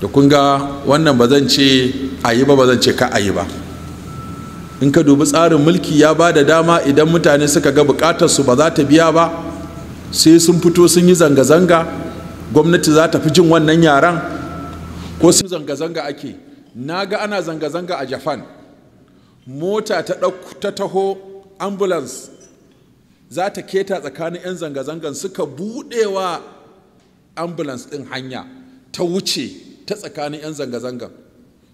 da kun ga wannan ba zan ce a yi ba ba zan ce ka a yi ba in ka dubi tsarin mulki ya ba da dama idan mutane suka ga bukatar ba za ta biya ba sai sun fito sun yi zanga-zanga gwamnati za ta fi jin wannan yaran ko sun zanga-zanga ake na ga ana zanga-zanga a japan mota ta taho ambulance za ta keta tsakanin 'yan zanga-zangan suka buɗewa ambulance ɗin hanya ta wuce ta tsakanin 'yan zanga zanga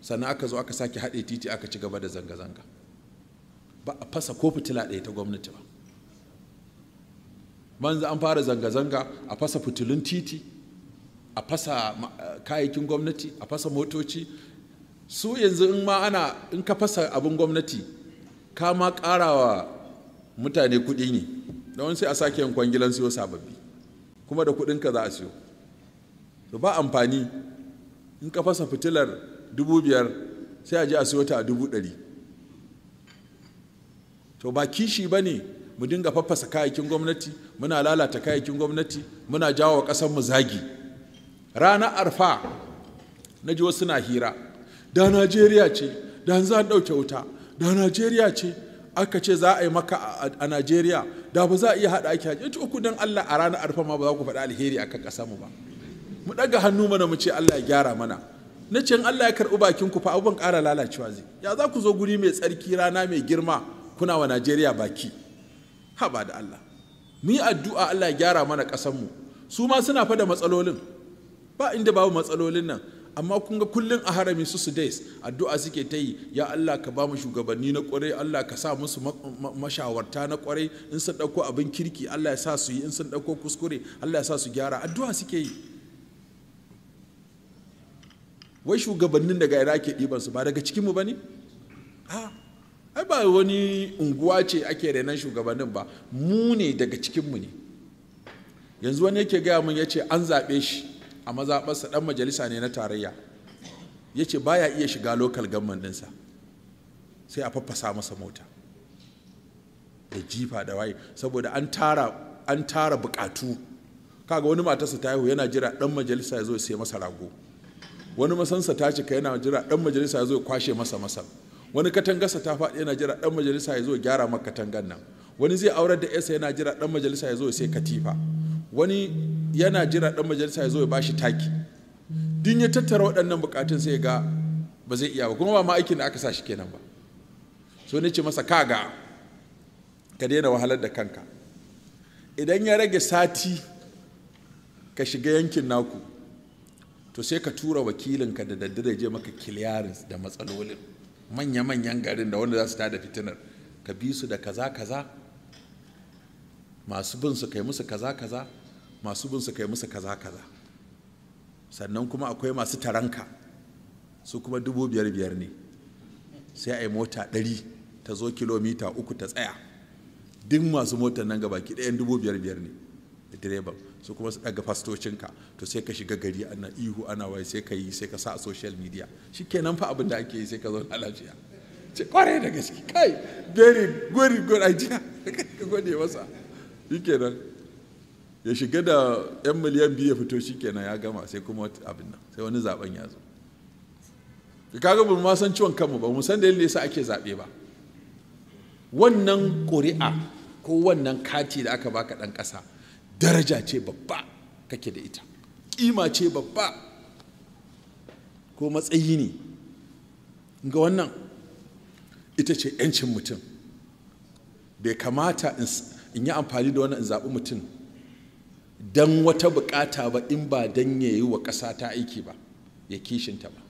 sannan aka zo aka sake haɗe titi aka ci gaba da zanga-zanga ba a fasa ko fitila ɗaya ta gwamnati ba manza an fara zanga-zanga a fasa fitilun titi a fasa kayayyakin gwamnati a fasa motoci su yanzu in ma ana in ka fasa abin gwamnati ka ma wa mutane kuɗi ne don sai a sake yin kwangilan siyo sababbi kuma da kuɗinka za a siyo ba amfani in ka fasa fitilar dubu biyar sai a je a siyo ta a dubu ɗari to ba kishi ba ne mu dinga faffasa kayayyakin gwamnati muna lalata kayayyakin gwamnati muna jawo wa mu zagi Rana arfa na ji wasu na hira da najeriya ce da za a ɗauke wuta da najeriya ce aka ce za a yi maka a najeriya da ba za a iya haɗa ake haƙe uku don allah a ranar arfa ma ba za ku faɗi alheri akan ƙasar mu ba mu daga hannu mana mu ce Allah ya gyara mana na ce Allah ya karɓi bakin ku fa abubuwan ƙara lalacewa zai ya za ku zo guri mai tsarki rana mai girma kuna wa Najeriya baki haba da Allah mu yi addu'a Allah ya gyara mana kasar mu su ma suna fa da matsalolin ba inda babu matsalolin nan amma kun ga kullun a harami su su days addu'a suke ta yi ya Allah ka ba mu shugabanni na ƙwarai Allah ka sa musu mashawarta na kwarai in sun ɗauko abin kirki Allah ya sa su yi in sun ɗauko kuskure Allah ya sa su gyara addu'a suke yi wai shugabannin daga ina ke ɗiban su ba daga cikin mu ne ai ba wani unguwa ce ake renon shugabannin ba mu ne daga cikin ne yanzu wani yake gaya mun ce an zaɓe shi a mazaɓarsa ɗan majalisa ne na tarayya Ya yace baya iya shiga lokal gamman ɗinsa sai a faffasa masa mota da jifa da waye saboda an tara an tara bukatu kaga wani matarsa ta haihu yana jira ɗan majalisa ya zo sai masa rago wani masansa ta cika yana jira dan majalisa ya zo kwashe masa masa wani katangarsa ta faɗi yana jira dan majalisa ya zo gyara maka katangar nan wani zai aurar da yasa yana jira dan majalisa ya zo sai katifa wani yana jira dan majalisa ya zo ya bashi taki din ya tattara waɗannan bukatun sai ga ba zai iya ba kuma ba ma aikin da aka sa shi kenan ba so ne ce masa kaga ka daina wahalar da kanka idan ya rage sati ka shiga yankin naku to sai ka tura wakilinka da daddare je maka kiliyarin da matsalolin manya-manyan garin da wanda za su tada fitinar ka bi su da kaza-kaza masu bin su kai musu kaza-kaza masu bin su kai musu kaza-kaza sannan kuma akwai masu taranka su kuma dubu biyar biyar ne sai a yi mota ɗari ta zo kilomita uku ta tsaya duk masu motar nan gaba ki ɗayan dubu biyar biyar ne da direban su kuma su daga fastocinka to sai ka shiga gari ana ihu ana wai sai ka yi sai ka sa a social media shi kenan fa abin da ake yi sai ka zauna lafiya ce kwarai da gaske kai very very good idea ka gode masa shi kenan ya shiga da yan miliyan biyu ya fito shi kenan ya gama sai kuma abin nan sai wani zaben ya zo kaga ba mu san ciwon kanmu ba mu san da yasa ake zaɓe ba wannan ƙuri'a ko wannan kati da aka baka ɗan ƙasa daraja ce babba kake da ita kima ce babba ko matsayi ne ga wannan ita ce 'yancin mutum bai kamata in yi amfani da wannan in zaɓi mutum don wata bukata ba in ba don ya yi wa ƙasa ta aiki ba ya kishinta ba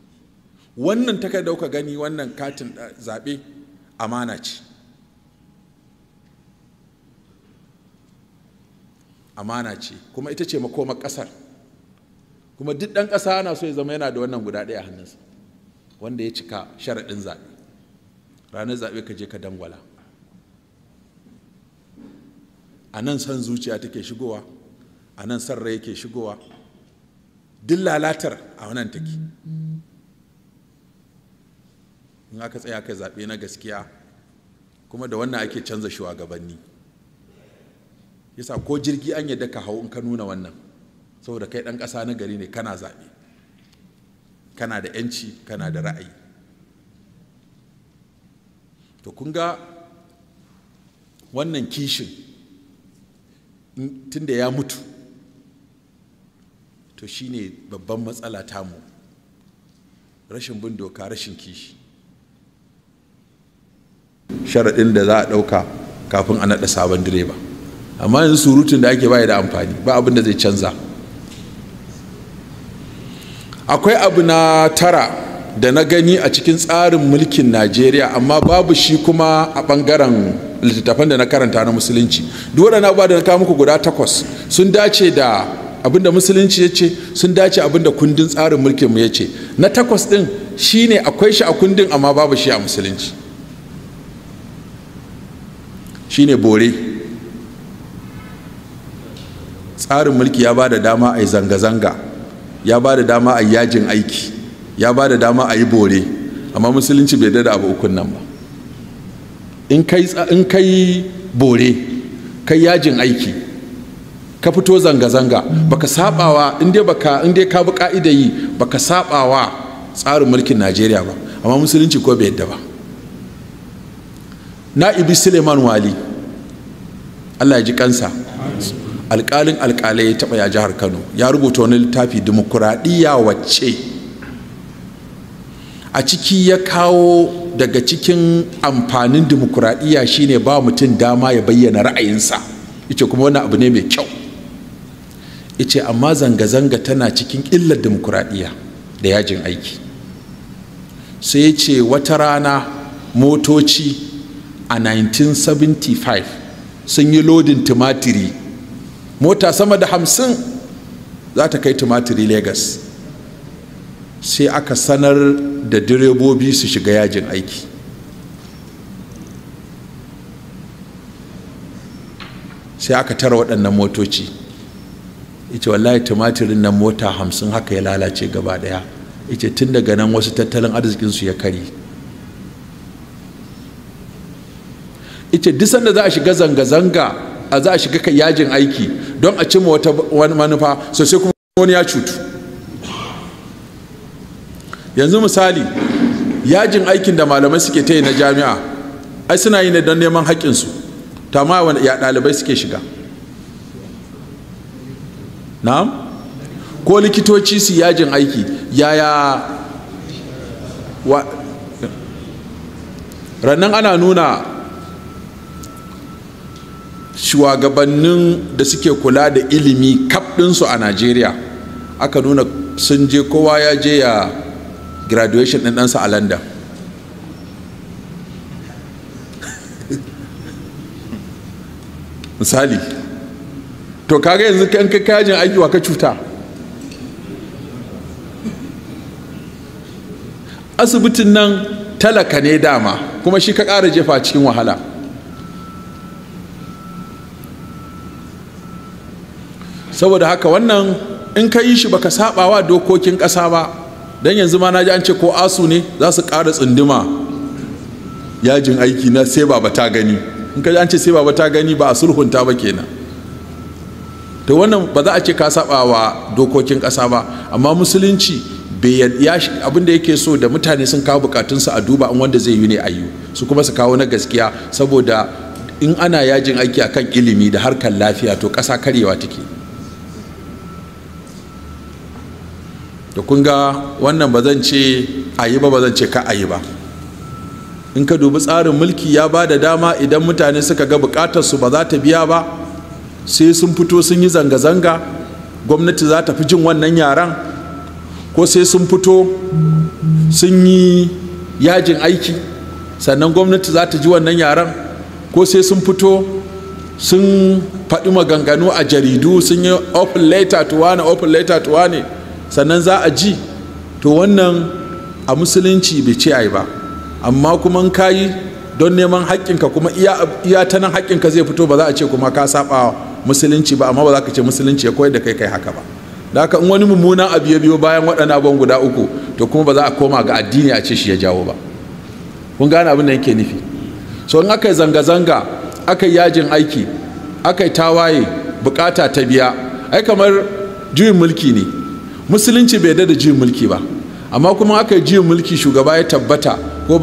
wannan takarda kuka gani wannan katin eh, zaɓe amana ce amana ce kuma ita ce makomar ƙasar kuma duk ɗan ƙasa ana so ya zama yana da wannan guda ɗaya a hannunsa wanda ya cika sharaɗin zaɓe ranar zaɓe ka je ka dangwala a nan son zuciya take shigowa a nan son rai yake shigowa duk lalatar a wannan take in aka tsaya kai zaɓe na gaskiya kuma da wannan ake canza shugabanni yasa ko jirgi an yadda ka hau in ka nuna wannan saboda kai ɗan ƙasa na gari ne kana zaɓe kana da 'yanci kana da ra'ayi to kun ga wannan kishin tunda ya mutu to shine babban matsala mu rashin bin doka rashin kishi sharaɗin da za a ɗauka kafin a naɗa sabon direba amma yanzu surutun da ake bai da amfani ba abin da zai canza akwai abu na tara da na gani a cikin tsarin mulkin najeriya amma babu shi kuma a bangaren littattafan da na karanta na musulunci duk waɗannan abubuwa da na kawo muku guda takwas sun dace da abinda musulunci ya ce sun dace abinda kundin tsarin mulkin mu ya ce na takwas ɗin shine akwai shi a kundin amma babu shi a musulunci shine bore tsarin mulki ya ba da dama a yi zanga-zanga ya ba da dama a yi yajin aiki ya ba da dama a yi bore amma musulunci bai dada abu ukun nan ba in kai bore kai yajin aiki ka fito zanga-zanga baka sabawa inda baka in ka bi ka'ida yi baka sabawa tsarin mulkin Najeriya ba amma musulunci ko bai yadda ba Na ibi Suleiman Wali Allah ya ji kansa alƙalin alƙalai ya taɓa ya jihar kano ya rubuta wani littafi dimokuraɗiyya wacce a ciki ya kawo daga cikin amfanin dimokuraɗiyya shine ba mutum dama ya bayyana ra'ayinsa ice kuma wani abu ne mai kyau ice amma zanga-zanga tana cikin illar dimokuraɗiyya da yajin aiki sai ce wata rana motoci a 1975 sun yi lodin tumatiri mota sama da hamsin za ta kai tumatiri Legas sai aka sanar da direbobi su shiga yajin aiki sai aka tara waɗannan motoci ita wallahi tumatirin nan mota hamsin haka ya lalace gaba ɗaya ita tun daga nan wasu tattalin arzikinsu ya kari ita duk sanda za a shiga zanga-zanga a za a shiga ka yajin aiki don a cimma wata manufa sosai kuma wani ya cutu yanzu misali yajin aikin da malamai suke ta yi na jami'a ai suna yi ne don neman haƙƙinsu ta ma ya ɗalibai suke shiga na'am ko likitoci su yajin aiki yaya wa rannan ana nuna shugabannin da suke kula da ilimi kaf a najeriya aka nuna sun je kowa ya je ya graduation ɗin ɗansa a london misali to kaga yanzu kan ka kajin aiki ka cuta asibitin nan talaka ne dama kuma shi ka ƙara jefa cikin wahala saboda haka wannan in ka yi shi baka saba wa dokokin ƙasa ba don yanzu ma na ji an ce ko asu ne za su ƙara tsunduma yajin aiki na sai ba ta gani in ka ji an ce sai ba ta gani ba a sulhunta ba kenan to wannan ba za a ce ka saba wa dokokin ƙasa ba amma musulunci abin da yake so da mutane sun kawo su a duba an wanda zai yi ne ayu su kuma su kawo na gaskiya saboda in ana yajin aiki a kan ilimi da harkar lafiya to ƙasa karewa take da kun ga wannan ba zan ce a yi ba ba zan ce ka a yi ba in ka dubi tsarin mulki ya ba da dama idan mutane suka ga bukatar ba za ta biya ba sai sun fito sun yi zanga-zanga gwamnati za ta fi jin wannan yaran ko sai sun fito sun yi yajin aiki sannan gwamnati za ta ji wannan yaran ko sai sun fito sun faɗi maganganu a jaridu sun yi open letter to wane open letter to wane sannan za a ji to wannan a musulunci bai ce ai ba amma kuma ka yi don neman haƙƙinka kuma iya ta nan haƙƙinka zai fito ba za a ce kuma ka saba musulunci ba amma ba za ka ce musulunci ya koyar da kai kai haka ba da haka in wani mummunan abu ya biyo bayan waɗannan abubuwan guda uku to kuma ba za a koma ga addini a ce shi ya jawo ba kun gane abin da yake nufi so in aka yi zanga-zanga aka yi yajin aiki aka yi tawaye bukata ta biya ai kamar juyin mulki ne musulunci bai da juyin mulki ba amma kuma aka yi juyin mulki shugaba ya tabbata ko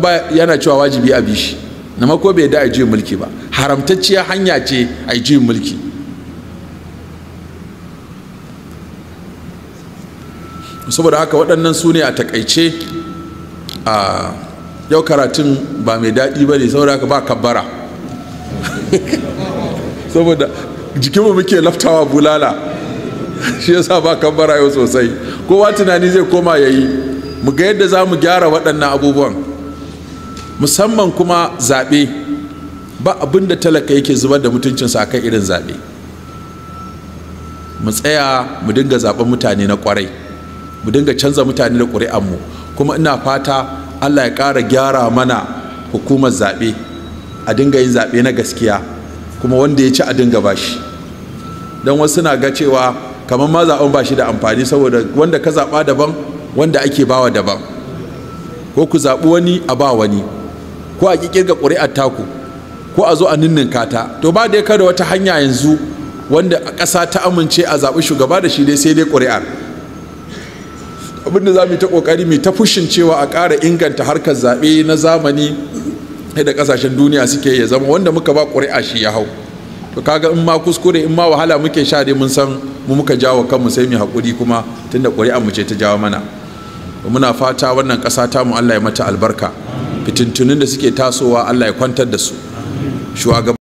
ba yana cewa wajibi a bishi na mako bai da a juyin mulki ba haramtacciya hanya ce a juyin mulki saboda haka waɗannan su ne a takaice a yau karatun ba mai daɗi ba ne saboda haka ba kabbara saboda jikinmu muke laftawa bulala shi ya sa ba kan yau sosai kowa tunani zai koma ya yi mu ga yadda za mu gyara waɗannan abubuwan musamman kuma zaɓe ba abin da talaka yake zubar da mutuncinsa kan irin zaɓe mu tsaya mu dinga zaɓen mutane na kwarai mu dinga canza mutane da mu kuma ina fata allah ya ƙara gyara mana hukumar zaɓe a dinga yin zaɓe na gaskiya kuma wanda ya ci a dinga bashi don wasu na ga cewa kamar ma zaɓen ba shi da amfani saboda wanda ka zaɓa daban wanda ake bawa daban ko ku zaɓi wani a ba wani ko a ƙirƙirga ƙuri'ar taku ko a zo a ninnin ta to ba da ya kada wata hanya yanzu wanda ƙasa ta amince a zaɓi shugaba da shi dai sai dai ƙuri'ar abinda za mu ta ƙoƙari mu ta fushin cewa a ƙara inganta harkar zaɓe na zamani da ƙasashen duniya suke ya zama wanda muka ba ƙuri'a shi ya hau to kaga in ma kuskure in ma wahala muke sha dai mun san mu muka jawo kanmu sai mu hakuri kuma tunda ƙuri'a mu ce ta jawo mana muna fata wannan ƙasa ta mu Allah ya mata albarka fitintunin da suke tasowa Allah ya kwantar da su